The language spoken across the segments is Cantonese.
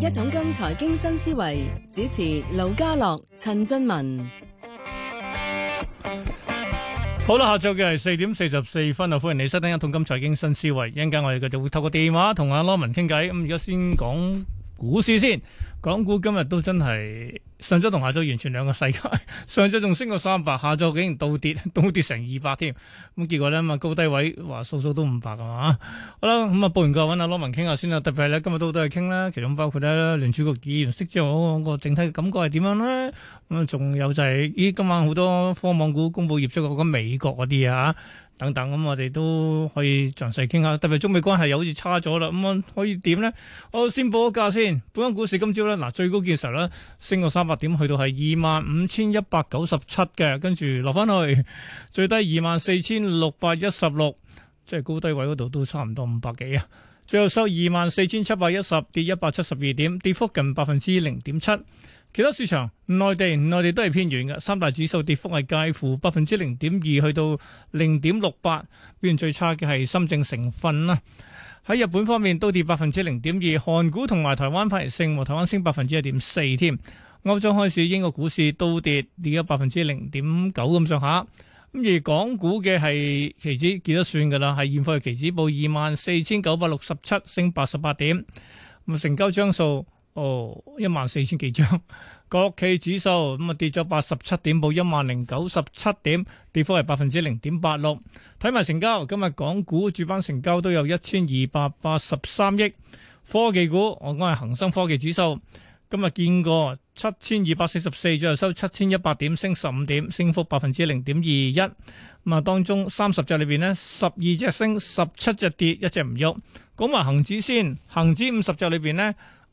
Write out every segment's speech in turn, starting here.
一桶金財經新思維，主持劉家樂、陳俊文， 好啦，下晝嘅係四點四十四分啊，歡迎你收聽一桶金財經新思維。一陣間我哋繼續會透過電話同阿 Lo 文傾偈，咁而家先講。股市先，港股今日都真係上晝同下晝完全兩個世界。上晝仲升過三百，下晝竟然倒跌，倒跌成二百添。咁結果咧啊，高低位話數數都五百啊嘛。好啦，咁啊，報完價揾阿羅文傾下先啦。特別係咧今日都好多嘢傾啦，其中包括咧聯儲局議息之後，個整體嘅感覺係點樣咧？咁啊，仲有就係、是、咦，今晚好多科網股公布業績，嗰個美國嗰啲啊。等等咁，我哋都可以詳細傾下。特別中美關係又好似差咗啦，咁、嗯、可以點呢？我先報個價先。本港股市今朝呢，嗱最高嘅時候呢，升過三百點，去到係二萬五千一百九十七嘅，跟住落翻去最低二萬四千六百一十六，即係高低位嗰度都差唔多五百幾啊。最後收二萬四千七百一十，跌一百七十二點，跌幅近百分之零點七。其他市場，內地內地都係偏軟嘅，三大指數跌幅係介乎百分之零點二去到零點六八，表現最差嘅係深證成分啦。喺日本方面都跌百分之零點二，韓股同埋台灣反而升，和台灣升百分之一點四添。歐洲開市，英國股市都跌，跌咗百分之零點九咁上下。咁而港股嘅係期指幾多算㗎啦？係現貨期指報二萬四千九百六十七，升八十八點。咁成交張數。哦，一萬四千幾張 國企指數咁啊、嗯、跌咗八十七點，報一萬零九十七點，跌幅係百分之零點八六。睇埋成交，今日港股主板成交都有一千二百八十三億。科技股我講係恒生科技指數，今日見過七千二百四十四，再係收七千一百點，升十五點，升幅百分之零點二一。咁、嗯、啊，當中三十隻裏邊呢，十二隻升，十七隻跌，一隻唔喐。講埋恒指先，恒指五十隻裏邊呢。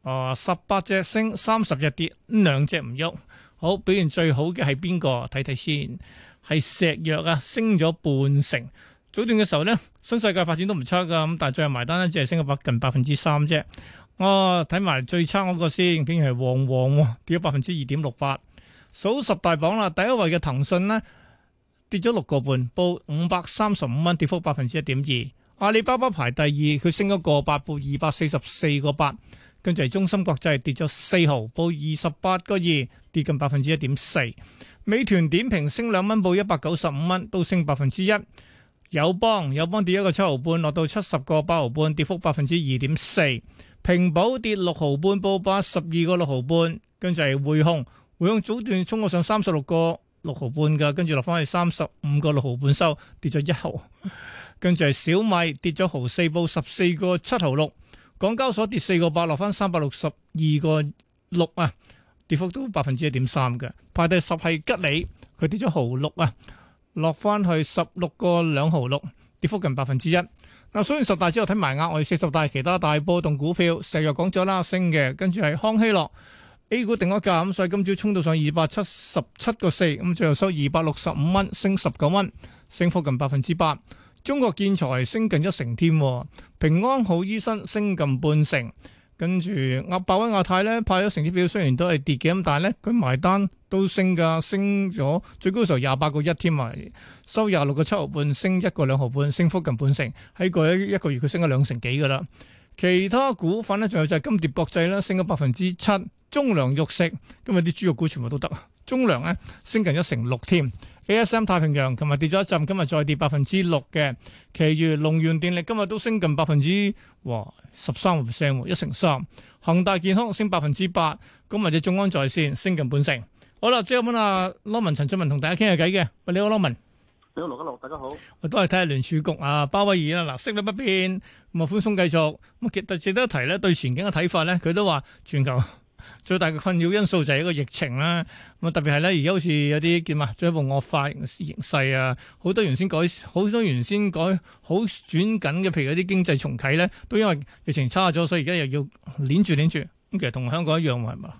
啊！十八隻升，三十隻跌，兩隻唔喐。好表現最好嘅係邊個？睇睇先，係石藥啊，升咗半成。早段嘅時候呢，新世界發展都唔差噶，咁但係最後埋單呢，只係升咗百近百分之三啫。我睇埋最差嗰個先，竟然係旺旺跌咗百分之二點六八。數十大榜啦，第一位嘅騰訊呢，跌咗六個半，報五百三十五蚊，跌幅百分之一點二。阿里巴巴排第二，佢升咗個八，報二百四十四個八。跟住中心國際跌咗四毫，報二十八個二，跌近百分之一點四。美團點評升兩蚊，報一百九十五蚊，都升百分之一。友邦友邦跌一個七毫半，落到七十個八毫半，跌幅百分之二點四。平保跌六毫半，報八十二個六毫半。跟住係匯控，匯控早段衝過上三十六個六毫半嘅，跟住落翻去三十五個六毫半收，跌咗一毫。跟住係小米跌咗毫四，報十四個七毫六。港交所跌四個八，落翻三百六十二個六啊，跌幅都百分之一點三嘅。排第十係吉利，佢跌咗毫六啊，落翻去十六個兩毫六，跌幅近百分之一。嗱，雖然十大之後睇埋額外四十大其他大波動股票，石日講咗啦，升嘅，跟住係康希諾 A 股定咗價，咁所以今朝衝到上二百七十七個四，咁最後收二百六十五蚊，升十九蚊，升幅近百分之八。中國建材升近一成添，平安好醫生升近半成，跟住亞百威亞太咧派咗成績表，雖然都係跌嘅，咁但係咧佢埋單都升噶，升咗最高時候廿八個一添埋，收廿六個七毫半，升一個兩毫半，升幅近半成，喺過去一個月佢升咗兩成幾噶啦。其他股份咧，仲有就係金蝶國際啦，升咗百分之七，中糧肉食今日啲豬肉股全部都得，中糧咧升近一成六添。A.S.M 太平洋琴日跌咗一陣，今日再跌百分之六嘅，其餘龍源電力今日都升近百分之哇十三 percent，一成三。恒大健康升百分之八，咁或者眾安在線升近半成。好啦，之後揾阿 Lawman 陳俊文同大家傾下偈嘅，喂，你好 Lawman，你好。你好羅家樂，大家好。我都係睇下聯儲局啊，鮑威爾啊，嗱息率不變，咁啊寬鬆繼續。咁啊得值得一提咧，對前景嘅睇法咧，佢都話全球。最大嘅困擾因素就係一個疫情啦，咁啊特別係咧，而家好似有啲叫啊進一步惡化形勢啊，好多原先改好多原先改好轉緊嘅，譬如嗰啲經濟重啟咧，都因為疫情差咗，所以而家又要攣住攣住咁，其實同香港一樣喎，係嘛？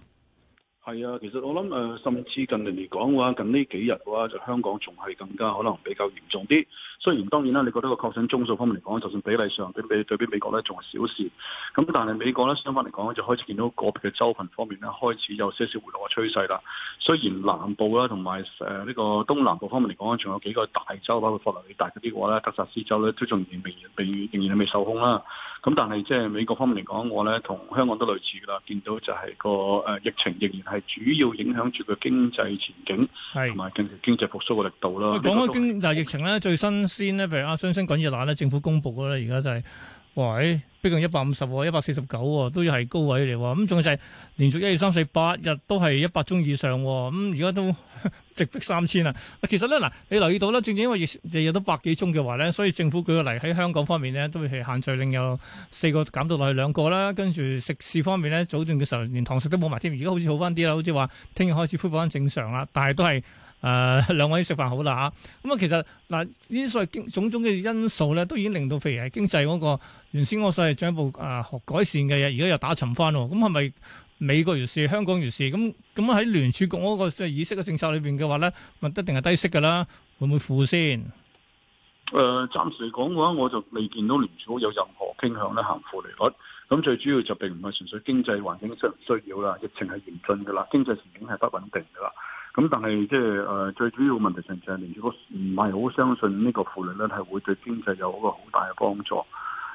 係啊，其實我諗誒、呃，甚至近年嚟講嘅話，近呢幾日嘅話，就香港仲係更加可能比較嚴重啲。雖然當然啦，你覺得個確診宗數方面嚟講，就算比例上對比對比，比，比美國咧仲係少事。咁但係美國咧相反嚟講，就開始見到個別嘅州份方面咧開始有些少回落嘅趨勢啦。雖然南部啦同埋誒呢個東南部方面嚟講，仲有幾個大州包括佛羅里達嗰啲嘅話咧，德薩斯州咧都仲仍然未未未仍然仍然係未受控啦。咁但係即係美國方面嚟講，我咧同香港都類似噶啦，見到就係個誒疫情仍然係主要影響住個經濟前景，同埋是經濟復甦嘅力度啦。講開經濟，但係疫情咧最新鮮咧，譬如阿雙星滾熱辣咧，政府公布嗰咧而家就係、是，喂。最近一百五十喎，一百四十九喎，都要係高位嚟喎。咁仲就係連續一二三四八日都係一百宗以上，咁而家都直逼三千啦。其實咧嗱，你留意到啦，正正因為日日都百幾宗嘅話咧，所以政府舉個例喺香港方面咧，都會係限聚令有四個減到落去兩個啦。跟住食肆方面咧，早段嘅時候連堂食都冇埋添，而家好似好翻啲啦，好似話聽日開始恢復翻正常啦，但係都係。誒，兩、呃、位食飯好啦吓，咁、嗯、啊，其實嗱，呢啲所謂種種嘅因素咧，都已經令到譬如經濟嗰個原先我所謂進步啊改善嘅嘢，而家又打沉翻。咁係咪美國如是、香港如是，咁咁喺聯儲局嗰個議息嘅政策裏邊嘅話咧，唔一定係低息噶啦，會唔會負先？誒、呃，暫時講嘅話，我就未見到聯儲有任何傾向咧行負利率。咁最主要就並唔係純粹經濟環境需唔需要啦，疫情係嚴峻噶啦，經濟前景係不穩定噶啦。Luc 咁但係即係誒最主要嘅問題就係聯儲局唔係好相信個呢個負利率係會對經濟有一個好大嘅幫助，誒、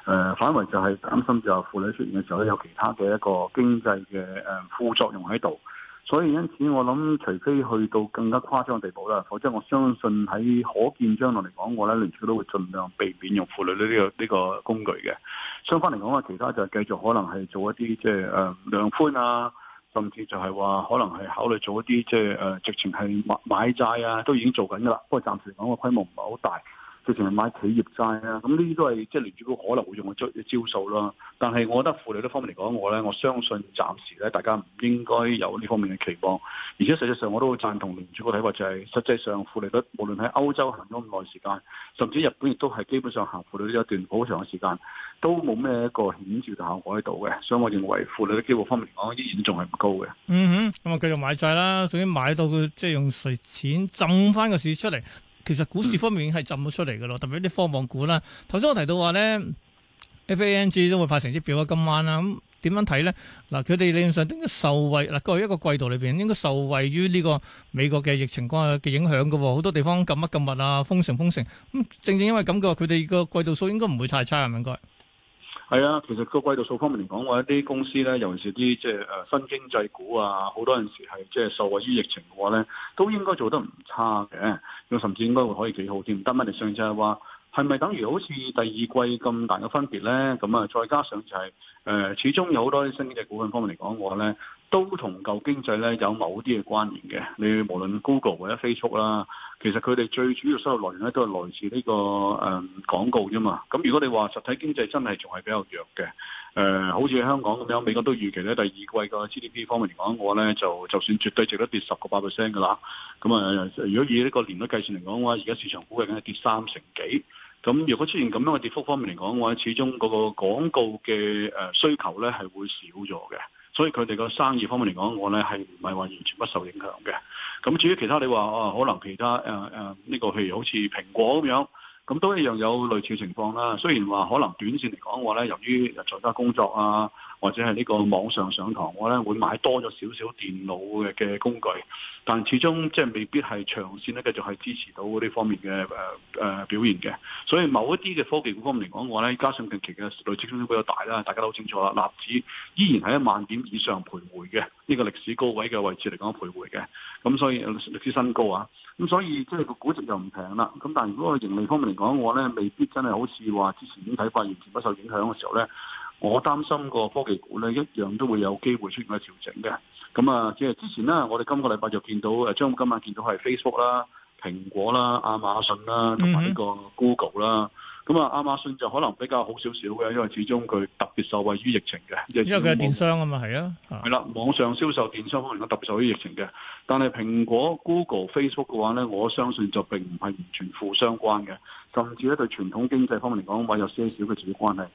呃、反為就係擔心就係負利出現嘅時候咧有其他嘅一個經濟嘅誒、呃、副作用喺度，所以因此我諗除非去到更加誇張嘅地步啦，否則我相信喺可見將來嚟講，我咧聯儲都會盡量避免用負利率呢個呢、呢個工具嘅。相反嚟講啊，其他就繼續可能係做一啲即係誒量寬啊。甚至就係話，可能係考慮做一啲即係誒，直情係買買債啊，都已經做緊㗎喇。不過暫時講個規模唔係好大。佢淨係買企業債啊！咁呢啲都係即係聯儲局可能會用嘅招招數啦。但係我覺得負利率方面嚟講，我咧我相信暫時咧大家唔應該有呢方面嘅期望。而且實際上我都好贊同聯儲局睇法，就係實際上負利率無論喺歐洲行咗咁耐時間，甚至日本亦都係基本上行負利率一段好長嘅時間，都冇咩一個顯著嘅效果喺度嘅。所以我認為負利率機會方面嚟講，依然仲係唔高嘅。嗯哼，咁啊繼續買債啦，首先買到佢，即係用稅錢浸翻個市出嚟。其實股市方面已經係浸咗出嚟噶咯，特別啲科網股啦。頭先我提到話咧，FANG 都會發成績表啊，今晚啦，咁、嗯、點樣睇咧？嗱，佢哋理論上應該受惠，嗱，佢一個季度裏邊應該受惠於呢個美國嘅疫情關係嘅影響噶，好多地方禁乜禁物啊，封城封城，咁、嗯、正正因為咁嘅話佢哋個季度數應該唔會太差，係咪應該？係啊，其實個季度數方面嚟講，話一啲公司咧，尤其是啲即係誒新經濟股啊，好多陣時係即係受惠於疫情嘅話咧，都應該做得唔差嘅，咁甚至應該會可以幾好添。但問題上就係話，係咪等於好似第二季咁大嘅分別咧？咁啊，再加上就係、是、誒、呃，始終有好多啲新經濟股份方面嚟講嘅話咧。都同舊經濟咧有某啲嘅關聯嘅，你無論 Google 或者 Facebook 啦，其實佢哋最主要收入來源咧都係來自呢、這個誒、嗯、廣告啫嘛。咁如果你話實體經濟真係仲係比較弱嘅，誒、呃、好似香港咁樣，美國都預期咧第二季個 GDP 方面嚟講嘅話咧就就算絕對值得跌十個八 percent 㗎啦。咁啊，如果以呢個年率計算嚟講嘅話，而家市場估計梗係跌三成幾。咁如果出現咁樣嘅跌幅方面嚟講嘅話，始終嗰個廣告嘅誒需求咧係會少咗嘅。所以佢哋個生意方面嚟講，我咧係唔係話完全不受影響嘅。咁至於其他你話啊，可能其他誒誒呢個譬如好似蘋果咁樣，咁都一樣有類似情況啦。雖然話可能短線嚟講嘅話咧，由於在家工作啊。或者係呢個網上上堂，我咧會買多咗少少電腦嘅嘅工具，但始終即係未必係長線咧繼續係支持到呢方面嘅誒誒表現嘅。所以某一啲嘅科技股方面嚟講，我咧加上近期嘅累積升幅比較大啦，大家都好清楚啦。納指依然喺一萬點以上徘徊嘅，呢個歷史高位嘅位置嚟講徘徊嘅。咁所以歷史新高啊，咁所以即係個估值又唔平啦。咁但係如果係盈利方面嚟講，我咧未必真係好似話之前已經睇法完全不受影響嘅時候咧。我擔心個科技股咧一樣都會有機會出現嘅調整嘅。咁啊，即係之前啦，我哋今個禮拜就見到誒，將今晚見到係 Facebook 啦、蘋果啦、亞馬遜啦，同埋呢個 Google 啦。咁啊，亞馬遜就可能比較好少少嘅，因為始終佢特別受惠於疫情嘅，因為佢係電商啊嘛係啊，係啦，網上銷售電商方面咧特別受惠於疫情嘅。但係蘋果、Google、Facebook 嘅話咧，我相信就並唔係完全負相關嘅，甚至咧對傳統經濟方面嚟講，話有些少嘅正關係。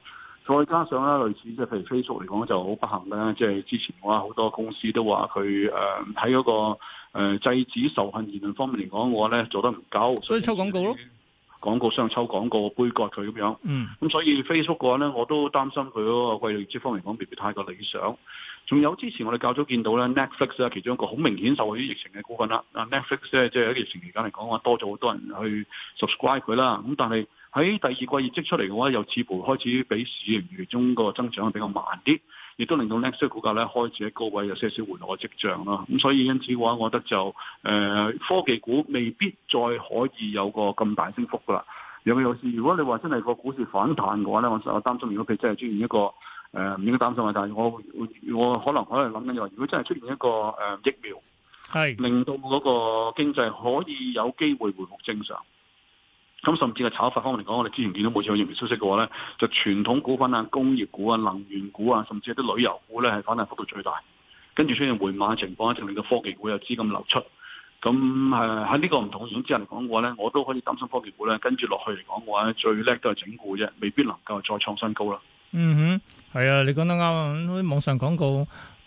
再加上咧，類似即係譬如 Facebook 嚟講就好不幸啦，即係之前嘅話好多公司都話佢誒睇嗰個誒、呃、制止仇恨言論方面嚟講，我咧做得唔夠，所以抽廣告咯，廣告商抽廣告杯葛佢咁樣。嗯，咁所以 Facebook 嘅話咧，我都擔心佢嗰個季度業績方面講未必太過理想。仲有之前我哋較早見到咧 Netflix 啊，其中一個好明顯受啲疫情嘅股份啦。Netflix 啊 Netflix 咧，即係喺疫情期間嚟講，多咗好多人去 subscribe 佢啦。咁但係。喺第二季業績出嚟嘅話，又似乎開始比市盈餘中個增長比較慢啲，亦都令到 Next 靚車股價咧開始喺高位有些少回落嘅跡象啦。咁所以因此嘅話，我覺得就誒、呃、科技股未必再可以有個咁大升幅噶啦。有有事？如果你話真係個股市反彈嘅話咧，我我擔心如果佢真係出現一個誒唔、呃、應該擔心嘅，但係我我，我可能可能諗緊就係如果真係出現一個誒、呃、疫苗係是令到嗰個經濟可以有機會回復正常。咁甚至係炒法方面嚟講，我哋之前見到每次有疫苗消息嘅話咧，就傳統股份啊、工業股啊、能源股啊，甚至係啲旅遊股咧，係反彈幅度最大，跟住出現回馬嘅情況，一定令到科技股有資金流出。咁誒喺呢個唔同嘅環境之下嚟講嘅話咧，我都可以擔心科技股咧，跟住落去嚟講嘅話咧，最叻都係整固啫，未必能夠再創新高啦。嗯哼，係啊，你講得啱啊，啲網上廣告。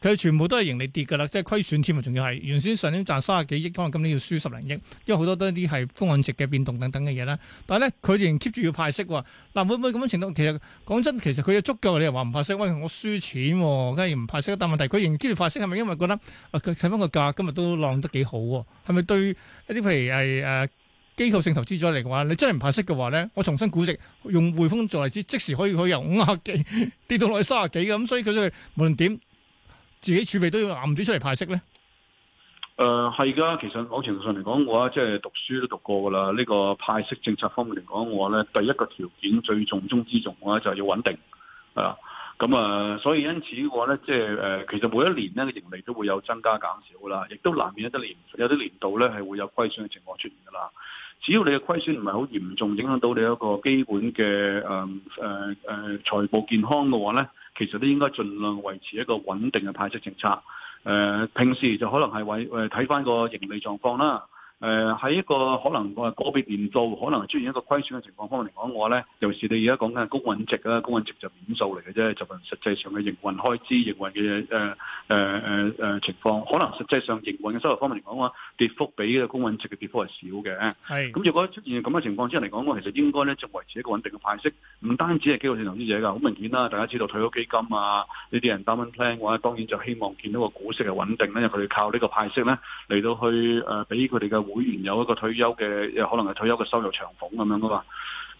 佢全部都係盈利跌㗎啦，即係虧損添啊！仲要係原先上年賺卅幾億，可能今年要輸十零億，因為好多都係啲係公允值嘅變動等等嘅嘢啦。但係咧，佢仍然 keep 住要派息喎。嗱、啊，會唔會咁樣情況？其實講真，其實佢有足夠。你又話唔派息喂，我輸錢、啊，梗係唔派息。但問題佢仍然 keep 住派息，係咪因為覺得佢睇翻個價今日都浪得幾好？係咪對一啲譬如誒誒、啊、機構性投資咗嚟嘅話，你真係唔派息嘅話咧，我重新估值用匯豐做例子，即時可以去由五廿幾 跌到落去卅幾嘅咁，所以佢都、就係、無論點。自己儲備都要攬啲出嚟派息咧？誒、呃，係噶，其實某程度上嚟講嘅話，即係讀書都讀過噶啦。呢、這個派息政策方面嚟講，我咧第一個條件最重中之重嘅咧，就係要穩定。啊，咁啊，所以因此嘅話咧，即係誒，其實每一年咧嘅盈利都會有增加減少噶啦，亦都難免一啲年有啲年度咧係會有虧損嘅情況出現噶啦。只要你嘅虧損唔係好嚴重影響到你一個基本嘅誒誒誒財務健康嘅話咧，其實都應該盡量維持一個穩定嘅派息政策。誒、呃，平時就可能係為誒睇翻個盈利狀況啦。誒喺、呃、一個可能我係個別年度可能出現一個虧損嘅情況方面嚟講，嘅話咧尤其是你而家講緊公允值啊，公允值就係數嚟嘅啫，就係、是、實際上嘅營運開支、營運嘅誒誒誒誒情況，可能實際上營運嘅收入方面嚟講嘅話，跌幅比公允值嘅跌幅係少嘅。係咁的，如果出現咁嘅情況之下嚟講嘅其實應該咧就維持一個穩定嘅派息，唔單止係機構性投資者㗎，好明顯啦，大家知道退休基金啊呢啲人 down plan 嘅話，當然就希望見到個股息係穩定咧，因為佢哋靠呢個派息咧嚟到去誒俾佢哋嘅。會員有一個退休嘅，可能係退休嘅收入長俸咁樣噶嘛？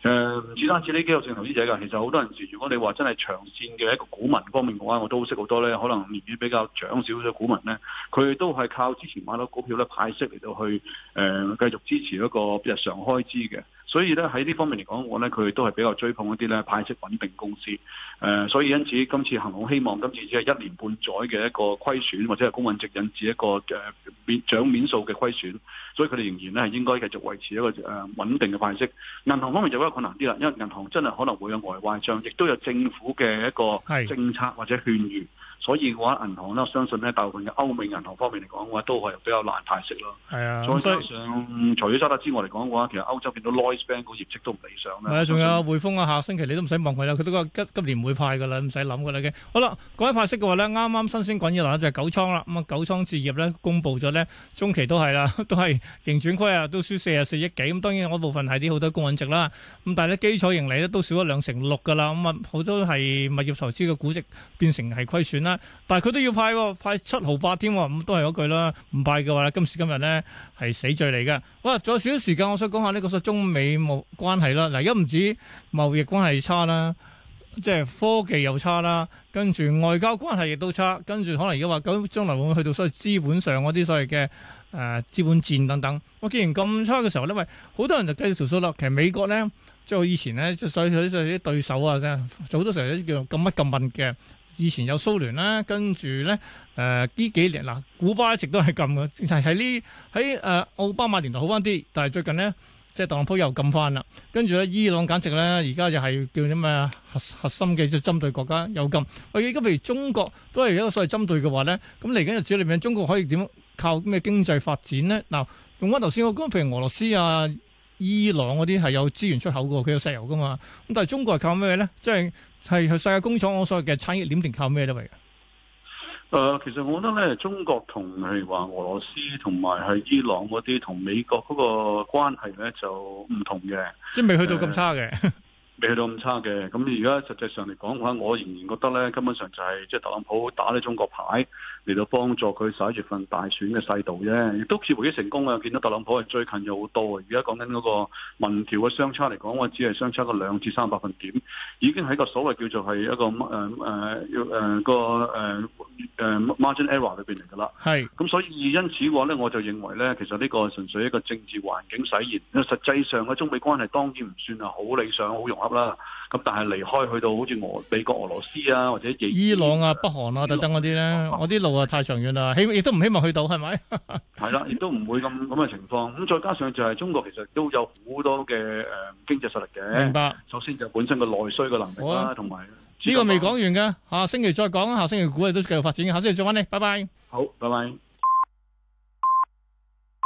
誒、呃，唔單止呢幾個有證投資者㗎。其實好多時，如果你話真係長線嘅一個股民方面嘅話，我都識好多咧。可能年紀比較長少少嘅股民咧，佢都係靠之前買到股票咧派息嚟到去誒、呃、繼續支持一個日常開支嘅。所以咧喺呢方面嚟講，我咧佢都係比較追捧一啲咧派息穩定公司，誒，所以因此今次恆隆希望今次只係一年半載嘅一個虧損，或者係公允值引致一個誒賬面數嘅虧損，所以佢哋仍然咧係應該繼續維持一個誒、呃、穩定嘅派息。銀行方面就比較困難啲啦，因為銀行真係可能會有外匯帳，亦都有政府嘅一個政策或者勸喻。所以嘅話，銀行咧，我相信咧，大部分嘅歐美銀行方面嚟講嘅話，都係比較難派息咯。係啊，再加上除咗渣打之外嚟講嘅話，其實歐洲嘅都 Lloyds Bank 個業績都唔理想啦。係啊，仲有匯豐啊，下星期你都唔使望佢啦，佢都話今今年唔會派嘅啦，唔使諗嘅啦嘅。好啦，講緊派息嘅話咧，啱啱新鮮滾熱辣就係九倉啦。咁啊，九倉置業咧，公布咗咧中期都係啦，都係盈轉虧啊，都輸四啊四億幾。咁當然嗰部分係啲好多公允值啦。咁但係咧基礎盈利咧都少咗兩成六嘅啦。咁啊，好多係物業投資嘅估值變成係虧損啦。但係佢都要派、哦，派七毫八添、哦，咁都係嗰句啦。唔派嘅話咧，今時今日咧，係死罪嚟嘅。哇，仲有少少時間，我想講下呢個所謂中美貿關係啦。嗱，而家唔止貿易關係差啦，即係科技又差啦，跟住外交關係亦都差，跟住可能而家話咁，將來會唔會去到所謂資本上嗰啲所謂嘅誒資本戰等等？我既然咁差嘅時候咧，喂，好多人就繼續投訴啦。其實美國咧，即係以前咧，即係所以所以啲對手啊，即係好多時候都叫做咁乜咁問嘅。以前有蘇聯啦，跟住咧，誒、呃、呢幾年嗱、呃、古巴一直都係禁嘅，係喺呢喺誒奧巴馬年代好翻啲，但係最近咧即係特朗普又禁翻啦，跟住咧，伊朗簡直咧而家就係叫啲咩核核心嘅就針對國家又禁，而家譬如中國都係一個所謂針對嘅話咧，咁嚟緊日子裏面中國可以點靠咩經濟發展咧？嗱，用翻頭先我講譬如俄羅斯啊。伊朗嗰啲係有資源出口㗎，佢有石油噶嘛。咁但係中國係靠咩咧？即係，係世界工廠我所謂嘅產業鏈定靠咩都嚟㗎？誒，其實我覺得咧，中國同係話俄羅斯同埋係伊朗嗰啲同美國嗰個關係咧，就唔同嘅，即係未去到咁差嘅。呃 未去到咁差嘅，咁而家實際上嚟講嘅話，我仍然覺得咧，根本上就係即係特朗普打呢中國牌嚟到幫助佢十一月份大選嘅勢道啫。亦都似乎幾成功啊，見到特朗普係最近有好多，啊。而家講緊嗰個民調嘅相差嚟講，我只係相差個兩至三百分點，已經喺個所謂叫做係一個誒誒要誒個誒誒 margin error 裏邊嚟㗎啦。係是。咁所以因此嘅話咧，我就認為咧，其實呢個純粹一個政治環境使然。實際上嘅中美關係當然唔算係好理想、好融洽。啦，咁但係離開去到好似俄美國、俄羅斯啊，或者伊朗啊、朗啊北韓啊等等嗰啲咧，啊、我啲路啊太長遠啦，希亦都唔希望去到，係咪？係 啦，亦都唔會咁咁嘅情況。咁再加上就係中國其實都有好多嘅誒、呃、經濟實力嘅。明白。首先就本身個內需嘅能力啦、啊，同埋呢個未講完㗎。下星期再講。下星期估計都繼續發展，下星期再翻你，拜拜。好，拜拜。